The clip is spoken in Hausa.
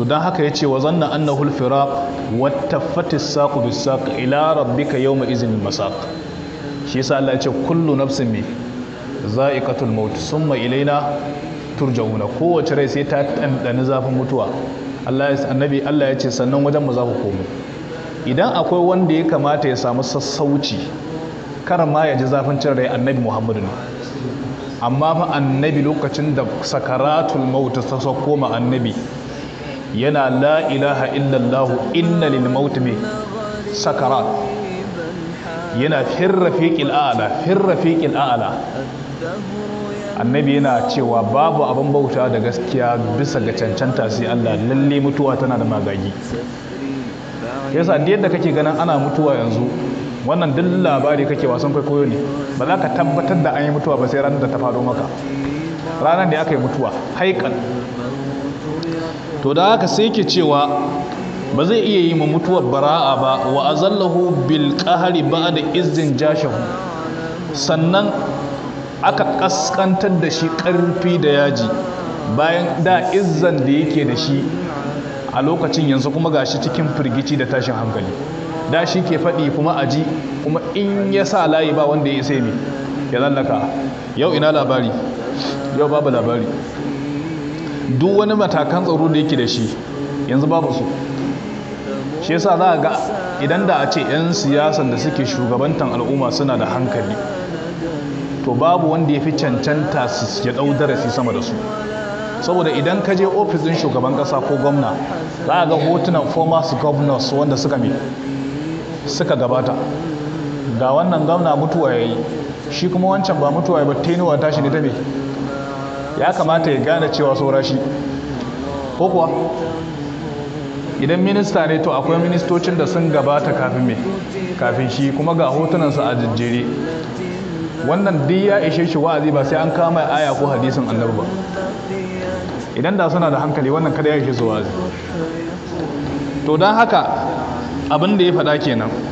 to don haka ya ce wa zanna an na hulfira wata fatis saqu bis saq ila rabbika yawma izinin masak shi sa Allah ya ce kullu nafsin mi za'iqatul maut summa ilaina turja'una kowace rai sai ta dandani zafin mutuwa Allah ya annabi Allah ya ce sannan wajen mu za ku komo idan akwai wanda ya kamata ya samu sassauci kar ma ya ji zafin cin rai annabi Muhammadu ne amma fa annabi lokacin da sakaratul maut ta sauko ma annabi yana la ilaha illallahu inna lil maut me yana firrafiqil a'la firrafiqil a'la annabi yana cewa babu abin bauta da gaskiya bisa ga cancanta sai Allah lalle mutuwa tana da magagi yasa da yadda kake ganin ana mutuwa yanzu wannan duk labari kake wasan kwaikwayo ne ba za ka tabbatar da an yi mutuwa ba sai ranar da ta faɗo maka ranar da aka yi mutuwa haikan to da haka sai ke cewa ba zai iya yi ma mutuwar bara'a ba wa azallahu bil qahri ba'da izzin jashahu sannan aka kaskantar da shi karfi da yaji bayan da izzan da yake da shi a lokacin yanzu kuma gashi cikin firgici da tashin hankali da shi ke faɗi kuma aji kuma in ya sa layi ba wanda ya sai ne ya zallaka yau ina labari yau babu labari duk wani matakan tsaro da yake da shi yanzu babu su shi yasa za a ga idan da a ce 'yan siyasan da suke shugabantan al'umma suna da hankali to babu wanda ya fi cancanta su ya dau darasi sama da su saboda idan ka je ofisin shugaban ƙasa ko gwamna za a ga hotunan former governors wanda suka mi suka gabata ga wannan gwamna mutuwa ya yi shi kuma wancan ba mutuwa ya ba tenuwa tashi ne ta me ya kamata ya gane cewa saura shi ko kuwa idan minista ne to akwai ministocin da sun gabata kafin mai kafin shi kuma ga hotunansa a jijjere wannan duk ya ishe shi wa'azi ba sai an kama aya ko hadisin annabi ba idan da suna da hankali wannan kada ya ishe su wa'azi to don haka abin da ya faɗa kenan